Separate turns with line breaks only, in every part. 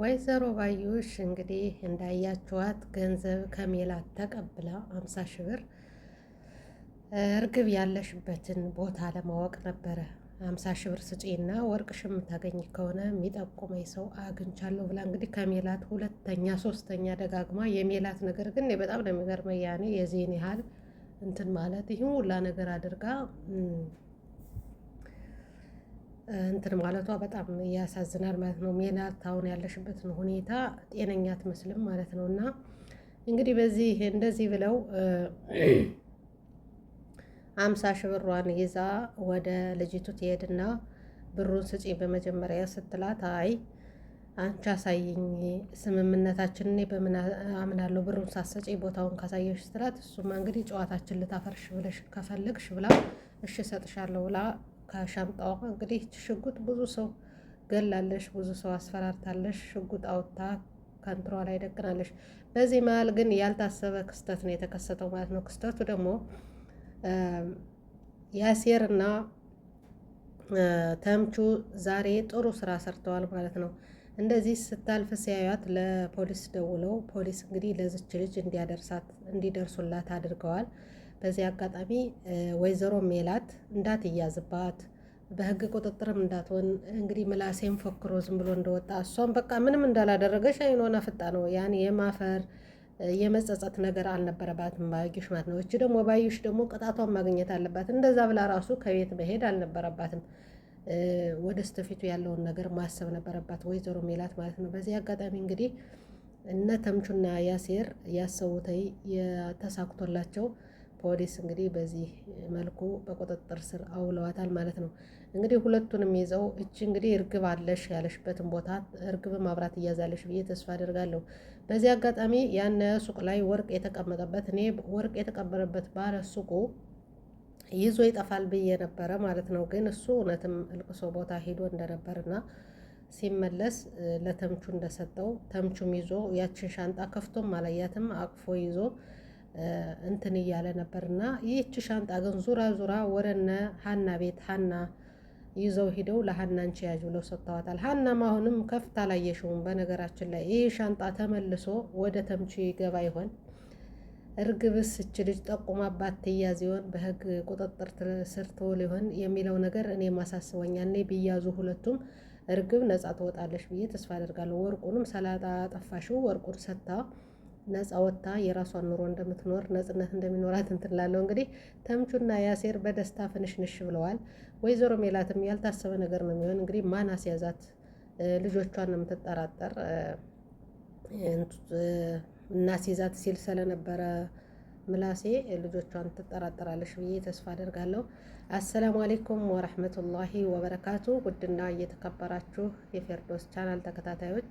ወይዘሮ ባዩሽ እንግዲህ እንዳያችኋት ገንዘብ ከሜላት ተቀብላ አምሳ ሺህ ብር እርግብ ያለሽበትን ቦታ ለማወቅ ነበረ። አምሳ ሺህ ብር ስጪና ወርቅሽ የምታገኝ ከሆነ የሚጠቁመኝ ሰው አግኝቻለሁ ብላ እንግዲህ ከሜላት ሁለተኛ ሶስተኛ ደጋግማ የሜላት ነገር ግን በጣም ነው የሚገርመኝ። ያኔ የዚህን ያህል እንትን ማለት ይህም ሁላ ነገር አድርጋ እንትን ማለቷ በጣም ያሳዝናል ማለት ነው። ሜላት አሁን ያለሽበትን ሁኔታ ጤነኛ አትመስልም ማለት ነው። እና እንግዲህ በዚህ እንደዚህ ብለው አምሳ ሺህ ብሯን ይዛ ወደ ልጅቱ ትሄድና ብሩን ስጪ በመጀመሪያ ስትላት አይ አንቺ አሳይኝ ስምምነታችን እኔ በምን አምናለሁ ብሩን ሳሰጪ ቦታውን ካሳየሽ ስትላት እሱማ እንግዲህ ጨዋታችን ልታፈርሽ ብለሽ ከፈለግሽ ብላ እሺ እሰጥሻለሁ ብላ ከሻምጣዋ እንግዲህ ሽጉጥ ብዙ ሰው ገላለሽ፣ ብዙ ሰው አስፈራርታለሽ፣ ሽጉጥ አውጥታ ከንትሯ ላይ ደቅናለሽ። በዚህ መሀል ግን ያልታሰበ ክስተት ነው የተከሰተው ማለት ነው። ክስተቱ ደግሞ ያሴርና ተምቹ ዛሬ ጥሩ ስራ ሰርተዋል ማለት ነው። እንደዚህ ስታልፍ ሲያዩት ለፖሊስ ደውለው ፖሊስ እንግዲህ ለዝች ልጅ እንዲያደርሳት እንዲደርሱላት አድርገዋል። በዚህ አጋጣሚ ወይዘሮ ሜላት እንዳትያዝባት በህግ ቁጥጥርም እንዳትሆን እንግዲህ ምላሴን ፎክሮ ዝም ብሎ እንደወጣ እሷም በቃ ምንም እንዳላደረገች አይኗን አፍጣ ነው ያን የማፈር የመጸጸት ነገር አልነበረባትም ባዩሽ ማለት ነው። እች ደግሞ ባዩሽ ደግሞ ቅጣቷን ማግኘት አለባት። እንደዛ ብላ ራሱ ከቤት መሄድ አልነበረባትም። ወደ ስተፊቱ ያለውን ነገር ማሰብ ነበረባት ወይዘሮ ሜላት ማለት ነው። በዚህ አጋጣሚ እንግዲህ እነ ተምቹና ያሴር ያሰቡት ተሳክቶላቸው ፖሊስ እንግዲህ በዚህ መልኩ በቁጥጥር ስር አውለዋታል ማለት ነው። እንግዲህ ሁለቱንም ይዘው እች እንግዲህ እርግብ አለሽ ያለሽበትን ቦታ እርግብ ማብራት እያዛለሽ ብዬ ተስፋ አደርጋለሁ። በዚህ አጋጣሚ ያነ ሱቅ ላይ ወርቅ የተቀመጠበት እኔ ወርቅ የተቀበረበት ባለ ሱቁ ይዞ ይጠፋል ብዬ ነበረ ማለት ነው። ግን እሱ እውነትም እልቅሶ ቦታ ሄዶ እንደነበርና ሲመለስ ለተምቹ እንደሰጠው ተምቹም ይዞ ያችን ሻንጣ ከፍቶም አላያትም አቅፎ ይዞ እንትን እያለ ነበር እና ይህች ሻንጣ ግን ዙራ ዙራ ወደነ ሀና ቤት ሀና ይዘው ሂደው ለሀና አንቺ ያዥ ብለው ሰጥተዋታል። ሀናም አሁንም ከፍት አላየሽውም። በነገራችን ላይ ይህ ሻንጣ ተመልሶ ወደ ተምቹ ይገባ ይሆን? እርግብስ እች ልጅ ጠቁማባት ትያዝ ይሆን? በህግ ቁጥጥር ስር ትውል ይሆን የሚለው ነገር እኔ ማሳስበኛል። እኔ ቢያዙ ሁለቱም እርግብ ነጻ ትወጣለች ብዬ ተስፋ አደርጋለሁ። ወርቁንም ሰላጣ ጠፋሽው ወርቁን ሰጥታ ነፃ ወጥታ የራሷን ኑሮ እንደምትኖር ነጽነት እንደሚኖራት እንትን እንግዲህ ተምቹና ያሴር በደስታ ፍንሽንሽ ብለዋል። ወይዘሮ ሜላትም ያልታሰበ ነገር ነው የሚሆን እንግዲህ ማን አስያዛት ልጆቿን ነው የምትጠራጠር እናስይዛት ሲል ስለነበረ ምላሴ ልጆቿን ትጠራጠራለች ብዬ ተስፋ አደርጋለሁ። አሰላሙ አሌይኩም ወረህመቱላሂ ወበረካቱ። ውድና እየተከበራችሁ የፌርዶስ ቻናል ተከታታዮች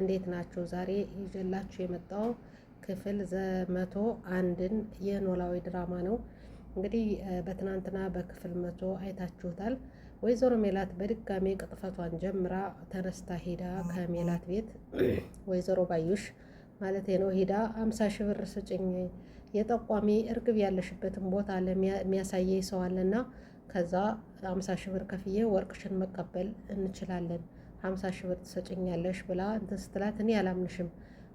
እንዴት ናችሁ? ዛሬ ይዤላችሁ የመጣው ክፍል መቶ አንድን የኖላዊ ድራማ ነው። እንግዲህ በትናንትና በክፍል መቶ አይታችሁታል። ወይዘሮ ሜላት በድጋሜ ቅጥፈቷን ጀምራ ተነስታ ሂዳ ከሜላት ቤት ወይዘሮ ባዩሽ ማለት ነው ሂዳ አምሳ ሺህ ብር ስጭኝ የጠቋሚ እርግብ ያለሽበትን ቦታ ለሚያሳየኝ ሰው አለና ከዛ አምሳ ሺህ ብር ከፍዬ ወርቅሽን መቀበል እንችላለን ሀምሳ ሺህ ብር ትሰጭኛለሽ ብላ እንትን ስትላት እኔ አላምንሽም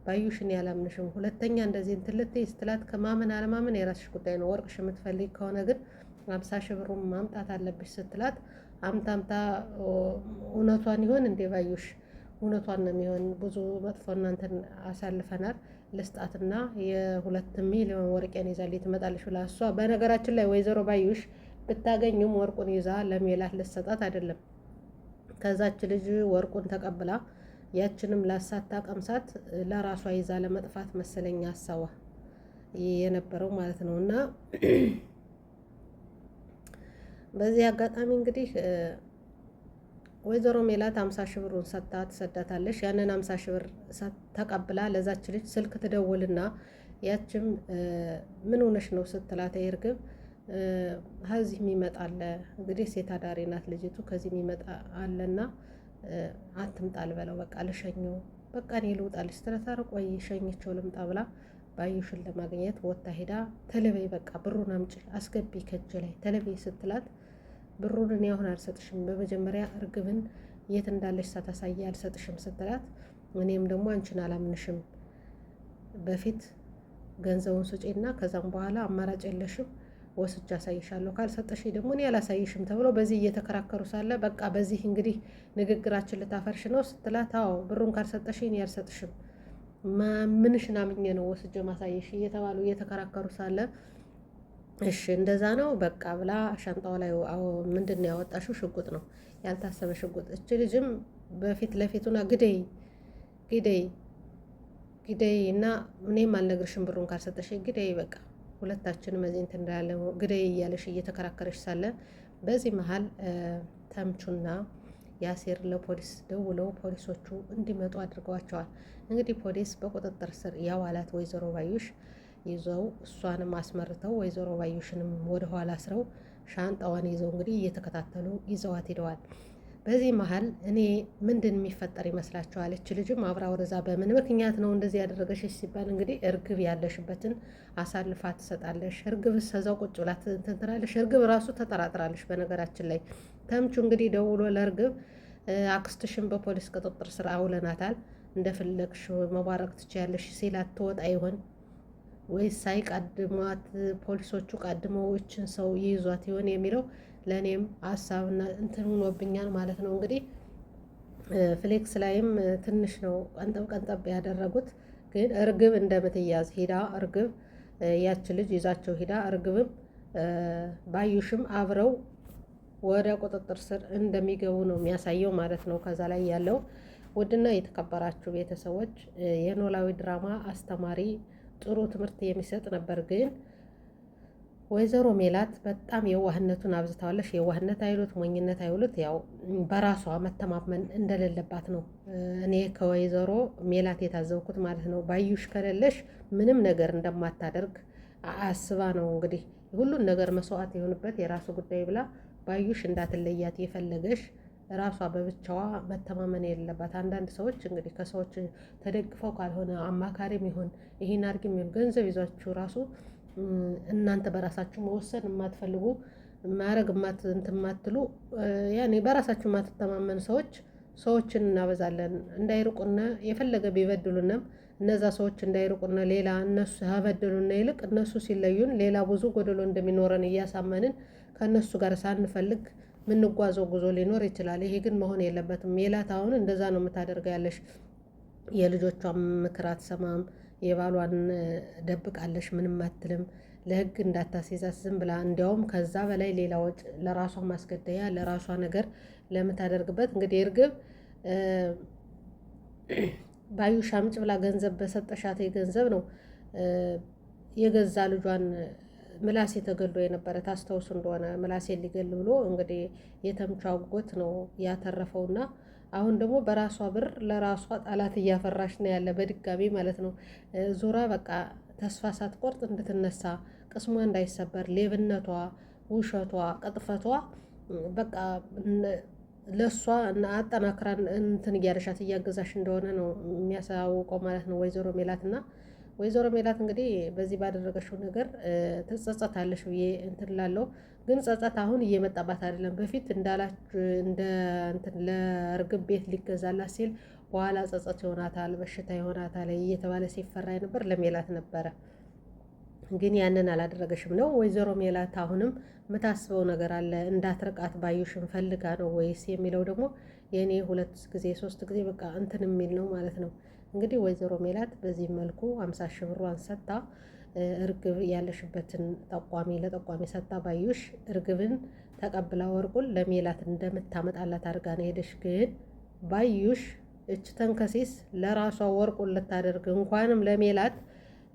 ባዩሽ እኔ አላምንሽም። ሁለተኛ እንደዚህ እንትን ልትይ ስትላት ከማመን አለማመን የራስሽ ጉዳይ ነው። ወርቅሽ የምትፈልግ ከሆነ ግን ሀምሳ ሺህ ብሩን ማምጣት አለብሽ ስትላት አምታ አምታ እውነቷን ይሆን እንዴ ባዩሽ? እውነቷን ነው የሚሆን። ብዙ መጥፎ እናንተን አሳልፈናል። ልስጣትና የሁለት ሚሊዮን ወርቄን ይዛልኝ ትመጣለች ብላ እሷ በነገራችን ላይ ወይዘሮ ባዩሽ ብታገኝም ወርቁን ይዛ ለሜላት ልሰጣት አይደለም ከዛች ልጅ ወርቁን ተቀብላ ያችንም ላሳታ ቀምሳት ለራሷ ይዛ ለመጥፋት መሰለኛ አሳዋ የነበረው ማለት ነው። እና በዚህ አጋጣሚ እንግዲህ ወይዘሮ ሜላት አምሳ ሺህ ብሩን ሰጥታ ትሰዳታለሽ። ያንን አምሳ ሺህ ብር ተቀብላ ለዛች ልጅ ስልክ ትደውልና ያችም ምን ሆነሽ ነው ስትላት እርግብ ከዚህ የሚመጣ አለ እንግዲህ ሴት አዳሪ ናት ልጅቱ። ከዚህ የሚመጣ አለና አትምጣል በለው በቃ ልሸኘው በቃ እኔ ልውጣ ልጅ ቆይ ሸኝቸው ልምጣ ብላ ባዩሽን ለማግኘት ወታ ሄዳ ተለበይ በቃ ብሩን አምጪ አስገቢ ከእጅ ላይ ተለበይ ስትላት ብሩን እኔ አሁን አልሰጥሽም፣ በመጀመሪያ እርግብን የት እንዳለች ሳታሳይ አልሰጥሽም ስትላት እኔም ደግሞ አንቺን አላምንሽም በፊት ገንዘቡን ስጪና ከዛም በኋላ አማራጭ የለሽም ወስጅ አሳይሻለሁ፣ ካልሰጠሽ ደግሞ እኔ አላሳይሽም ተብሎ በዚህ እየተከራከሩ ሳለ በቃ በዚህ እንግዲህ ንግግራችን ልታፈርሽ ነው ስትላት፣ አዎ ብሩን ካልሰጠሽ እኔ አልሰጥሽም ምንሽ አምኜ ነው ወስጀ ማሳየሽ እየተባሉ እየተከራከሩ ሳለ እሺ እንደዛ ነው በቃ ብላ ሻንጣዋ ላይ ምንድን ነው ያወጣሽው? ሽጉጥ ነው ያልታሰበ ሽጉጥ። እች ልጅም በፊት ለፊቱና ግደይ ግደይ ግደይ እና እኔም አልነግርሽም ብሩን ካልሰጠሽ ግደይ በቃ ሁለታችንም እዚህ እንትን እንዳለ ግደይ እያለሽ እየተከራከረች ሳለ በዚህ መሀል ተምቹና ያሴር ለፖሊስ ደውለው ፖሊሶቹ እንዲመጡ አድርገዋቸዋል። እንግዲህ ፖሊስ በቁጥጥር ስር ያዋላት ወይዘሮ ባዩሽ ይዘው እሷንም አስመርተው ወይዘሮ ባዩሽንም ወደኋላ አስረው ሻንጣዋን ይዘው እንግዲህ እየተከታተሉ ይዘዋት ሄደዋል። በዚህ መሀል እኔ ምንድን የሚፈጠር ይመስላችኋል? እች ልጅም አብራ ወረዛ በምን ምክንያት ነው እንደዚህ ያደረገሽ ሲባል እንግዲህ እርግብ ያለሽበትን አሳልፋ ትሰጣለሽ። እርግብ ሰዛው ቁጭ ብላ ትንትናለሽ፣ እርግብ ራሱ ተጠራጥራለሽ። በነገራችን ላይ ተምቹ እንግዲህ ደውሎ ለእርግብ አክስትሽን በፖሊስ ቁጥጥር ስር አውለናታል፣ እንደፈለግሽ መባረቅ ትችያለሽ ሲላት ትወጣ ይሆን ወይስ ቀድሟት ፖሊሶቹ ቀድመው ይችን ሰው ይይዟት ይሆን የሚለው ለእኔም ሀሳብና እንትን ሆኖብኛል ማለት ነው። እንግዲህ ፍሌክስ ላይም ትንሽ ነው ቀንጠብ ቀንጠብ ያደረጉት። ግን እርግብ እንደምትያዝ ሂዳ እርግብ ያች ልጅ ይዛቸው ሂዳ እርግብም ባዩሽም አብረው ወደ ቁጥጥር ስር እንደሚገቡ ነው የሚያሳየው ማለት ነው። ከዛ ላይ ያለው ውድና የተከበራችሁ ቤተሰቦች የኖላዊ ድራማ አስተማሪ ጥሩ ትምህርት የሚሰጥ ነበር ግን ወይዘሮ ሜላት በጣም የዋህነቱን አብዝታዋለች የዋህነት አይሉት ሞኝነት አይሉት፣ ያው በራሷ መተማመን እንደሌለባት ነው እኔ ከወይዘሮ ሜላት የታዘብኩት ማለት ነው። ባዩሽ ከሌለሽ ምንም ነገር እንደማታደርግ አስባ ነው እንግዲህ ሁሉን ነገር መስዋዕት የሆንበት የራሱ ጉዳይ ብላ ባዩሽ እንዳትለያት የፈለገሽ ራሷ በብቻዋ መተማመን የሌለባት አንዳንድ ሰዎች እንግዲህ ከሰዎች ተደግፈው ካልሆነ አማካሪም ይሁን ይህን አድርጊም ይሁን ገንዘብ ይዟችሁ ራሱ እናንተ በራሳችሁ መወሰን የማትፈልጉ ማድረግ እንትን የማትሉ ያኔ በራሳችሁ የማትተማመኑ ሰዎች ሰዎችን እናበዛለን። እንዳይርቁና የፈለገ ቢበድሉንም እነዛ ሰዎች እንዳይርቁና ሌላ እነሱ ከበደሉና ይልቅ እነሱ ሲለዩን ሌላ ብዙ ጎደሎ እንደሚኖረን እያሳመንን ከእነሱ ጋር ሳንፈልግ ምንጓዘው ጉዞ ሊኖር ይችላል። ይሄ ግን መሆን የለበትም። ሜላት አሁን እንደዛ ነው የምታደርገው ያለሽ የልጆቿ ምክር አትሰማም። የባሏን ደብቃለሽ ምንም አትልም። ለህግ እንዳታስይዛት ዝም ብላ እንዲያውም ከዛ በላይ ሌላ ወጭ ለራሷ ማስገደያ ለራሷ ነገር ለምታደርግበት እንግዲህ እርግብ ባዩሽ አምጪ ብላ ገንዘብ በሰጠሻት ገንዘብ ነው የገዛ ልጇን ምላሴ ተገሎ የነበረ ታስታውሱ እንደሆነ ምላሴ ሊገል ብሎ እንግዲህ የተምቹ አጎት ነው ያተረፈውና አሁን ደግሞ በራሷ ብር ለራሷ ጠላት እያፈራሽ ነው ያለ በድጋሚ ማለት ነው። ዙራ በቃ ተስፋ ሳትቆርጥ እንድትነሳ ቅስሟ እንዳይሰበር ሌብነቷ፣ ውሸቷ፣ ቅጥፈቷ በቃ ለእሷ አጠናክራን እንትን እያደረሻት እያገዛሽ እንደሆነ ነው የሚያሳውቀው ማለት ነው ወይዘሮ ሜላት ወይዘሮ ሜላት እንግዲህ በዚህ ባደረገችው ነገር ትጸጸታለሽ ብዬ እንትን ላለው ግን ጸጸት አሁን እየመጣባት አይደለም። በፊት እንዳላች እንደ እንትን ለእርግብ ቤት ሊገዛላት ሲል በኋላ ጸጸት ይሆናታል፣ በሽታ ይሆናታል እየተባለ ሲፈራ ነበር ለሜላት ነበረ። ግን ያንን አላደረገሽም ነው ወይዘሮ ሜላት አሁንም የምታስበው ነገር አለ። እንዳትርቃት ባዩሽን ፈልጋ ነው ወይስ የሚለው ደግሞ የእኔ ሁለት ጊዜ ሶስት ጊዜ በቃ እንትን የሚል ነው ማለት ነው። እንግዲህ ወይዘሮ ሜላት በዚህ መልኩ አምሳ ሺህ ብሯን ሰጥታ እርግብ ያለሽበትን ጠቋሚ ለጠቋሚ ሰጥታ ባዩሽ እርግብን ተቀብላ ወርቁን ለሜላት እንደምታመጣላት አድርጋ ነው ሄደሽ። ግን ባዩሽ እች ተንከሲስ ለራሷ ወርቁን ልታደርግ እንኳንም ለሜላት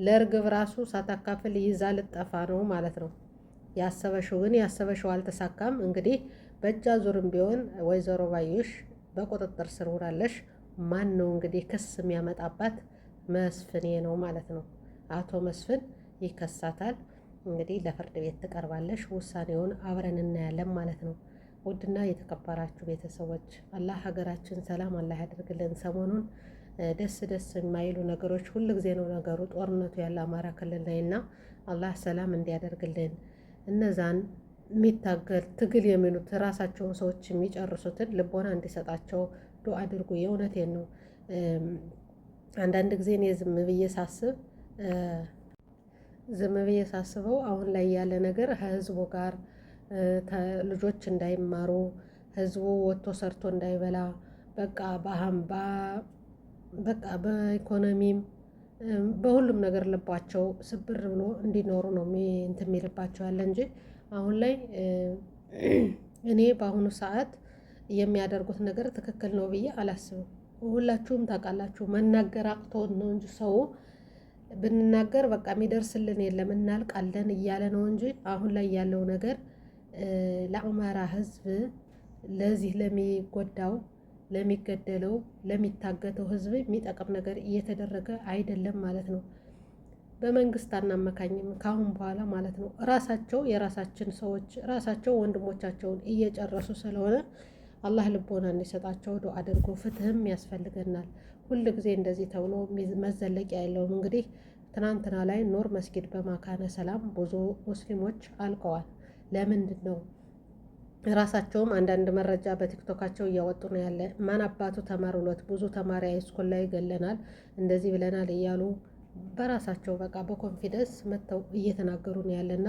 ለእርግብ ራሱ ሳታካፍል ይዛ ልጠፋ ነው ማለት ነው። ያሰበሽው ግን ያሰበሽው አልተሳካም። እንግዲህ በእጃ ዙርም ቢሆን ወይዘሮ ባዩሽ በቁጥጥር ስር ውላለሽ። ማን ነው እንግዲህ ክስ የሚያመጣባት? መስፍኔ ነው ማለት ነው። አቶ መስፍን ይከሳታል። እንግዲህ ለፍርድ ቤት ትቀርባለሽ። ውሳኔውን አብረን እናያለን ማለት ነው። ውድና የተከበራችሁ ቤተሰቦች አላህ ሀገራችን ሰላም አላህ ያደርግልን። ሰሞኑን ደስ ደስ የማይሉ ነገሮች ሁል ጊዜ ነው ነገሩ። ጦርነቱ ያለ አማራ ክልል ላይ እና አላህ ሰላም እንዲያደርግልን እነዛን የሚታገል ትግል የሚሉት ራሳቸውን ሰዎች የሚጨርሱትን ልቦና እንዲሰጣቸው ዱአ አድርጉ። የእውነቴን ነው። አንዳንድ ጊዜ እኔ ዝም ብዬ ሳስብ ዝም ብዬ ሳስበው አሁን ላይ ያለ ነገር ከህዝቡ ጋር ልጆች እንዳይማሩ ህዝቡ ወጥቶ ሰርቶ እንዳይበላ በቃ በአህምባ በቃ በኢኮኖሚም በሁሉም ነገር ልባቸው ስብር ብሎ እንዲኖሩ ነው እንትን የሚልባቸው ያለ እንጂ አሁን ላይ እኔ በአሁኑ ሰዓት የሚያደርጉት ነገር ትክክል ነው ብዬ አላስብም። ሁላችሁም ታውቃላችሁ፣ መናገር አቅቶን ነው እንጂ ሰው ብንናገር በቃ የሚደርስልን የለም እናልቃለን እያለ ነው እንጂ አሁን ላይ ያለው ነገር ለአማራ ህዝብ ለዚህ ለሚጎዳው ለሚገደለው ለሚታገተው ህዝብ የሚጠቅም ነገር እየተደረገ አይደለም ማለት ነው። በመንግስት አናመካኝም ካሁን በኋላ ማለት ነው። ራሳቸው የራሳችን ሰዎች ራሳቸው ወንድሞቻቸውን እየጨረሱ ስለሆነ አላህ ልቦና እንዲሰጣቸው ዶ አድርጎ ፍትህም ያስፈልገናል። ሁል ጊዜ እንደዚህ ተብሎ መዘለቂያ የለውም። እንግዲህ ትናንትና ላይ ኖር መስጊድ በማካነ ሰላም ብዙ ሙስሊሞች አልቀዋል። ለምንድን ነው? ራሳቸውም አንዳንድ መረጃ በቲክቶካቸው እያወጡ ነው ያለ። ማን አባቱ ተማሩለት ብዙ ተማሪ ሃይስኩል ላይ ገለናል፣ እንደዚህ ብለናል እያሉ በራሳቸው በቃ በኮንፊደንስ መጥተው እየተናገሩ ነው ያለና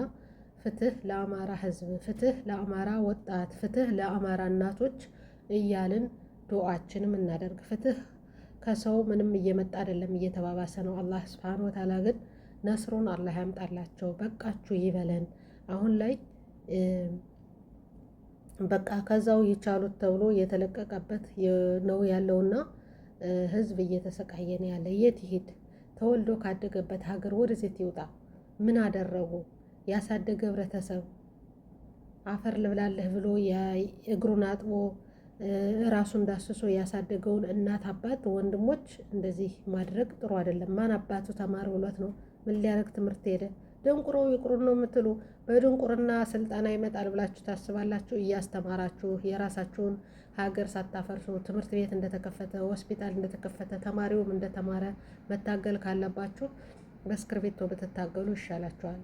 ፍትህ ለአማራ ህዝብ፣ ፍትህ ለአማራ ወጣት፣ ፍትህ ለአማራ እናቶች እያልን ዱዓችንም እናደርግ። ፍትህ ከሰው ምንም እየመጣ አይደለም፣ እየተባባሰ ነው። አላህ ስብሐነ ወተዓላ ግን ነስሩን አላህ ያምጣላቸው። በቃችሁ ይበለን። አሁን ላይ በቃ ከዛው ይቻሉት ተብሎ የተለቀቀበት ነው ያለውና ህዝብ እየተሰቃየን ያለ። የት ይሄድ? ተወልዶ ካደገበት ሀገር ወደዜት ይውጣ። ምን አደረጉ? ያሳደገ ህብረተሰብ አፈር ልብላለህ ብሎ እግሩን አጥቦ ራሱን ዳስሶ ያሳደገውን እናት አባት ወንድሞች እንደዚህ ማድረግ ጥሩ አይደለም። ማን አባቱ ተማሪ ብሏት ነው? ምን ሊያደርግ ትምህርት ሄደ? ድንቁሮ ይቁሩ ነው የምትሉ። በድንቁርና ስልጠና ይመጣል ብላችሁ ታስባላችሁ? እያስተማራችሁ የራሳችሁን ሀገር ሳታፈርሱ ትምህርት ቤት እንደተከፈተ ሆስፒታል እንደተከፈተ ተማሪውም እንደተማረ መታገል ካለባችሁ በእስክርቢቶ ብትታገሉ ይሻላችኋል።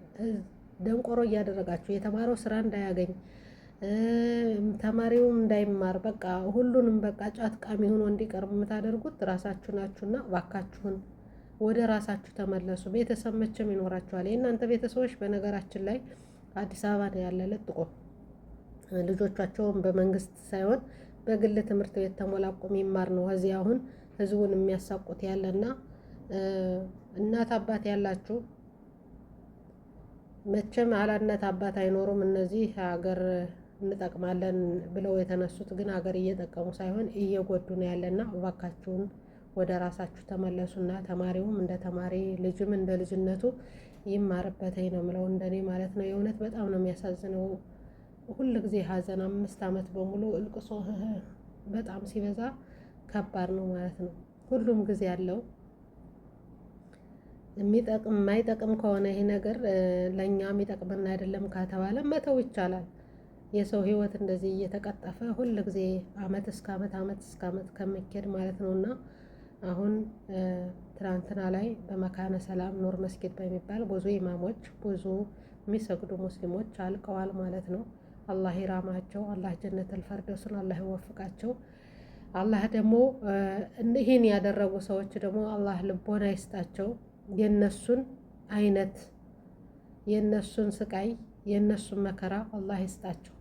ደንቆሮ እያደረጋችሁ የተማረው ስራ እንዳያገኝ ተማሪውም እንዳይማር በቃ ሁሉንም በቃ ጫት ቃሚ ሆኖ እንዲቀርብ የምታደርጉት ራሳችሁ ናችሁና እባካችሁን ወደ ራሳችሁ ተመለሱ። ቤተሰብ መቼም ይኖራችኋል። የእናንተ ቤተሰቦች በነገራችን ላይ አዲስ አበባ ነው ያለ ለጥቆ ልጆቻቸውን በመንግስት ሳይሆን በግል ትምህርት ቤት ተሞላቆ የሚማር ነው እዚህ አሁን ህዝቡን የሚያሳቁት ያለና እናት አባት ያላችሁ መቼም አላነት አባት አይኖሩም። እነዚህ ሀገር እንጠቅማለን ብለው የተነሱት ግን ሀገር እየጠቀሙ ሳይሆን እየጎዱ ነው ያለና እባካችሁን ወደ ራሳችሁ ተመለሱና ተማሪውም እንደ ተማሪ ልጅም እንደ ልጅነቱ ይማርበተኝ ነው ምለው እንደኔ ማለት ነው። የእውነት በጣም ነው የሚያሳዝነው። ሁል ጊዜ ሀዘን አምስት አመት በሙሉ እልቅሶ በጣም ሲበዛ ከባድ ነው ማለት ነው። ሁሉም ጊዜ አለው። የሚጠቅም የማይጠቅም ከሆነ ይሄ ነገር ለእኛ የሚጠቅምና አይደለም ከተባለ መተው ይቻላል። የሰው ህይወት እንደዚህ እየተቀጠፈ ሁል ጊዜ አመት እስከ አመት አመት እስከ አመት ከሚኬድ ማለት ነው እና አሁን ትናንትና ላይ በመካነ ሰላም ኑር መስጊድ በሚባል ብዙ ኢማሞች ብዙ የሚሰግዱ ሙስሊሞች አልቀዋል ማለት ነው። አላህ ይራማቸው፣ አላህ ጀነት ፈርደውስን አላህ ይወፍቃቸው። አላህ ደግሞ ይህን ያደረጉ ሰዎች ደግሞ አላህ ልቦና ይስጣቸው። የነሱን አይነት የነሱን ስቃይ የነሱን መከራ አላህ ይስጣቸው።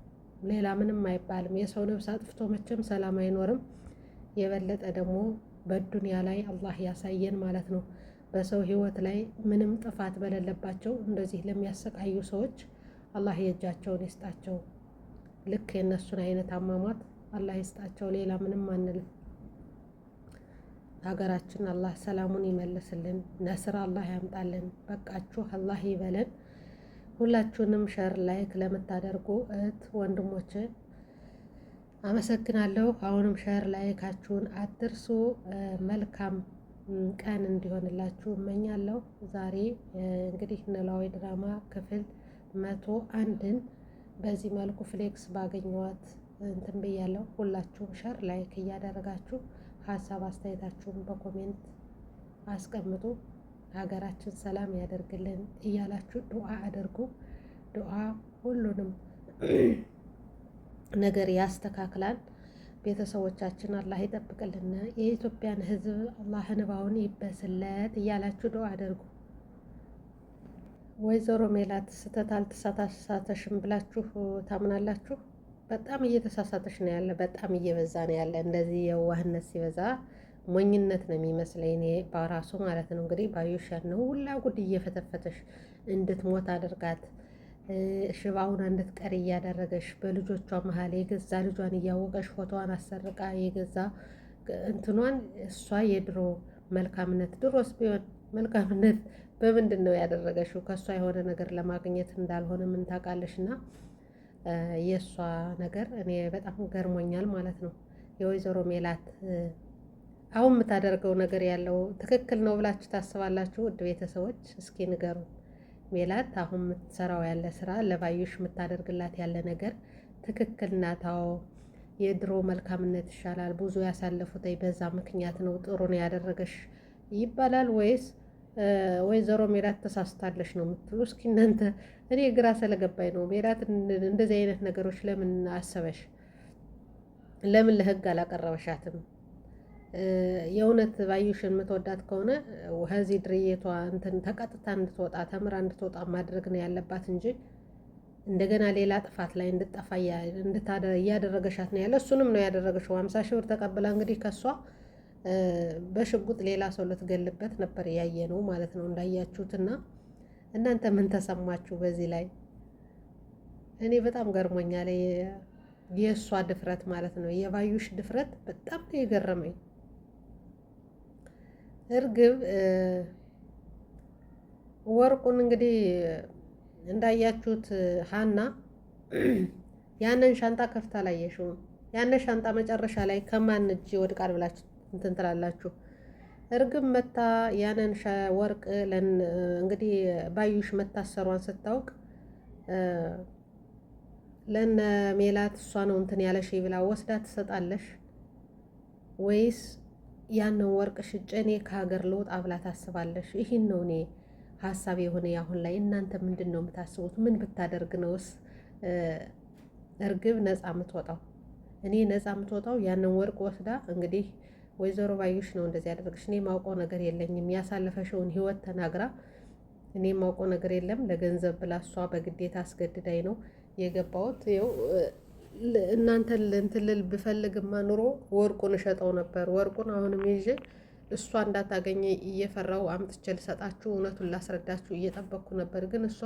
ሌላ ምንም አይባልም። የሰው ነብስ አጥፍቶ መቼም ሰላም አይኖርም። የበለጠ ደግሞ በዱንያ ላይ አላህ ያሳየን ማለት ነው። በሰው ህይወት ላይ ምንም ጥፋት በሌለባቸው እንደዚህ ለሚያሰቃዩ ሰዎች አላህ የእጃቸውን ይስጣቸው። ልክ የእነሱን አይነት አሟሟት አላህ ይስጣቸው። ሌላ ምንም አንልም። ሀገራችን አላህ ሰላሙን ይመልስልን፣ ነስር አላህ ያምጣልን። በቃችሁ አላህ ይበለን። ሁላችሁንም ሸር ላይክ ለምታደርጉ እህት ወንድሞች አመሰግናለሁ። አሁንም ሸር ላይካችሁን አትርሱ። መልካም ቀን እንዲሆንላችሁ እመኛለሁ። ዛሬ እንግዲህ ኖላዊ ድራማ ክፍል መቶ አንድን በዚህ መልኩ ፍሌክስ ባገኘዋት እንትን ብያለሁ። ሁላችሁም ሸር ላይክ እያደረጋችሁ ሀሳብ አስተያየታችሁን በኮሜንት አስቀምጡ። ሀገራችን ሰላም ያደርግልን እያላችሁ ዱዓ አድርጉ። ዱዓ ሁሉንም ነገር ያስተካክላል። ቤተሰቦቻችን አላህ ይጠብቅልን። የኢትዮጵያን ሕዝብ አላህ እንባውን ይበስለት እያላችሁ ዱዓ አድርጉ። ወይዘሮ ሜላት ስህተት አልተሳሳተሽም ብላችሁ ታምናላችሁ? በጣም እየተሳሳተሽ ነው ያለ፣ በጣም እየበዛ ነው ያለ። እንደዚህ የዋህነት ሲበዛ ሞኝነት ነው የሚመስለኝ እኔ በራሱ ማለት ነው። እንግዲህ ባዩሽ ያነው ሁላ ጉድ እየፈተፈተሽ እንድትሞት አድርጋት ሽባውን ቀሪ እያደረገሽ በልጆቿ መሀል የገዛ ልጇን እያወቀሽ ፎቶዋን አሰርቃ የገዛ እንትኗን እሷ የድሮ መልካምነት ድሮስ ቢሆን መልካምነት በምንድን ነው ያደረገሽው? ከእሷ የሆነ ነገር ለማግኘት እንዳልሆነ ምን ታውቃለሽ እና የእሷ ነገር እኔ በጣም ገርሞኛል ማለት ነው። የወይዘሮ ሜላት አሁን የምታደርገው ነገር ያለው ትክክል ነው ብላችሁ ታስባላችሁ? ውድ ቤተሰቦች እስኪ ንገሩ። ሜላት አሁን የምትሰራው ያለ ስራ ለባዩሽ የምታደርግላት ያለ ነገር ትክክል ናታው? የድሮ መልካምነት ይሻላል። ብዙ ያሳለፉት በዛ ምክንያት ነው ጥሩ ነው ያደረገሽ ይባላል ወይስ ወይዘሮ ሜላት ተሳስታለች ነው የምትሉ? እስኪ እናንተ እኔ ግራ ስለገባኝ ነው። ሜላት እንደዚህ አይነት ነገሮች ለምን አሰበሽ? ለምን ለህግ አላቀረበሻትም? የእውነት ባዩሽን የምትወዳት ከሆነ ከዚህ ድርየቷ እንትን ተቀጥታ እንድትወጣ ተምራ እንድትወጣ ማድረግ ነው ያለባት እንጂ እንደገና ሌላ ጥፋት ላይ እንድጠፋ እያደረገሻት ነው ያለ። እሱንም ነው ያደረገሽው። ሀምሳ ሺህ ብር ተቀብላ እንግዲህ ከሷ በሽጉጥ ሌላ ሰው ልትገልበት ነበር ያየ ነው ማለት ነው እንዳያችሁትና እናንተ ምን ተሰማችሁ በዚህ ላይ? እኔ በጣም ገርሞኛል። የእሷ ድፍረት ማለት ነው የባዩሽ ድፍረት በጣም ነው የገረመኝ። እርግብ ወርቁን እንግዲህ እንዳያችሁት ሀና ያንን ሻንጣ ከፍታ ላይ የሽው ያንን ሻንጣ መጨረሻ ላይ ከማን እጅ ይወድቃል ብላችሁ እንትን ትላላችሁ። እርግብ መታ ያንን ወርቅ እንግዲህ ባዩሽ መታሰሯን ስታውቅ ለነ ሜላት እሷ ነው እንትን ያለሽ ብላ ወስዳ ትሰጣለሽ ወይስ ያንን ወርቅ ሽጭ እኔ ከሀገር ልውጣ ብላ ታስባለሽ? ይህን ነው እኔ ሀሳብ የሆነ አሁን ላይ እናንተ ምንድን ነው የምታስቡት? ምን ብታደርግ ነውስ እርግብ ነፃ የምትወጣው? እኔ ነፃ የምትወጣው ያንን ወርቅ ወስዳ እንግዲህ ወይዘሮ ባዩሽ ነው እንደዚህ ያደረግሽ። እኔ ማውቀው ነገር የለኝም። ያሳለፈሽውን ህይወት ተናግራ እኔ ማውቀው ነገር የለም። ለገንዘብ ብላ እሷ በግዴታ አስገድዳኝ ነው የገባሁት። ይኸው እናንተ እንትን ብፈልግማ ኑሮ ወርቁን እሸጠው ነበር። ወርቁን አሁንም ይዤ እሷ እንዳታገኘ እየፈራው አምጥቼ ልሰጣችሁ እውነቱን ላስረዳችሁ እየጠበቅኩ ነበር። ግን እሷ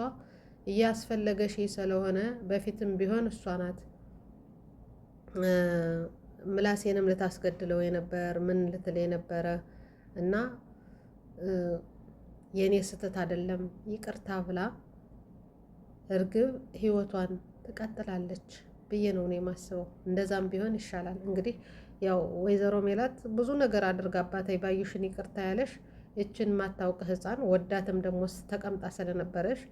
እያስፈለገሽ ስለሆነ በፊትም ቢሆን እሷ ናት ምላሴንም ልታስገድለው የነበር ምን ልትል የነበረ እና የእኔ ስህተት አይደለም ይቅርታ ብላ እርግብ ህይወቷን ትቀጥላለች ብዬ ነው እኔ የማስበው። እንደዛም ቢሆን ይሻላል። እንግዲህ ያው ወይዘሮ ሜላት ብዙ ነገር አድርጋባት ባዩሽን ይቅርታ ያለሽ እችን ማታውቅ ህፃን ወዳትም ደግሞ ተቀምጣ ስለነበረሽ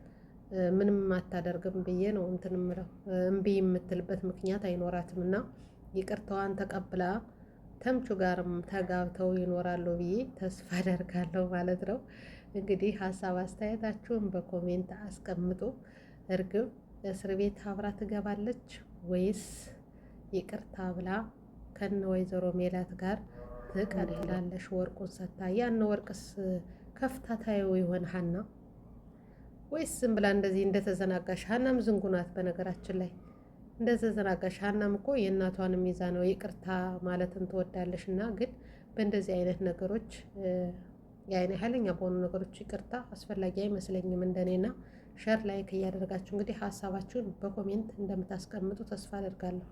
ምንም አታደርግም ብዬ ነው እንትን እምለው እምቢ የምትልበት ምክንያት አይኖራትም እና ይቅርታዋን ተቀብላ ተምቹ ጋርም ተጋብተው ይኖራሉ ብዬ ተስፋ አደርጋለሁ ማለት ነው። እንግዲህ ሀሳብ አስተያየታችሁን በኮሜንት አስቀምጡ። እርግብ እስር ቤት አብራ ትገባለች ወይስ ይቅርታ ብላ ከነ ወይዘሮ ሜላት ጋር ትቀጥላለሽ? ወርቁን ሰታ ያን ወርቅስ ከፍታታዩ ይሆን ሀና ወይስ ዝም ብላ እንደዚህ እንደተዘናጋሽ? ሀናም ዝንጉ ናት በነገራችን ላይ እንደዛ ዘናጋሽ። ሀናም እኮ የእናቷን ሚዛ ነው ይቅርታ ማለትን ትወዳለሽ እና ግን በእንደዚህ አይነት ነገሮች የአይነ ኃይለኛ በሆኑ ነገሮች ይቅርታ አስፈላጊ አይመስለኝም። እንደኔና ሸር ላይክ እያደረጋችሁ እንግዲህ ሀሳባችሁን በኮሜንት እንደምታስቀምጡ ተስፋ አደርጋለሁ።